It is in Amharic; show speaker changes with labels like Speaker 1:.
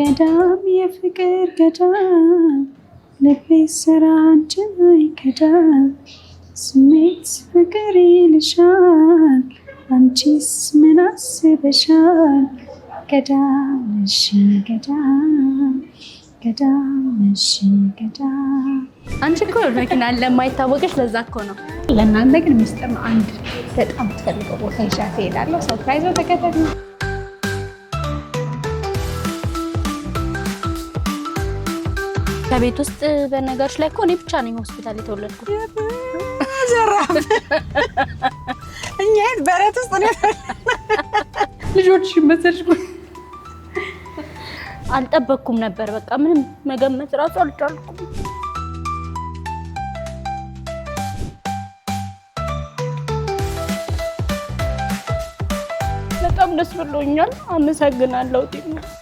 Speaker 1: ገዳም የፍቅር ገዳም ልቤ ስራ ላይ ገዳም ስሜት ፍቅር ይልሻል አንቺስ ምን አስበሻል? ገዳም እሺ ገዳም ገዳም እሺ ገዳም
Speaker 2: አንቺ እኮ መኪና ለማይታወቀች ለዛ እኮ ነው።
Speaker 3: ለእናንተ ግን ምስጢር ነው። አንድ በጣም ትፈልገው ቦታ ይዣ ትሄዳለሁ። ሰርፕራይዝ ተከተል ነው።
Speaker 2: ከቤት ውስጥ በነገሮች ላይ እኮ እኔ ብቻ ነኝ ሆስፒታል የተወለድኩ።
Speaker 3: የተወለድኩት። እኛ በረት ውስጥ ልጆች መሰልሽ
Speaker 2: አልጠበቅኩም ነበር። በቃ ምንም መገመት ራሱ አልቻልኩም።
Speaker 3: በጣም ደስ ብሎኛል። አመሰግናለሁ ጤና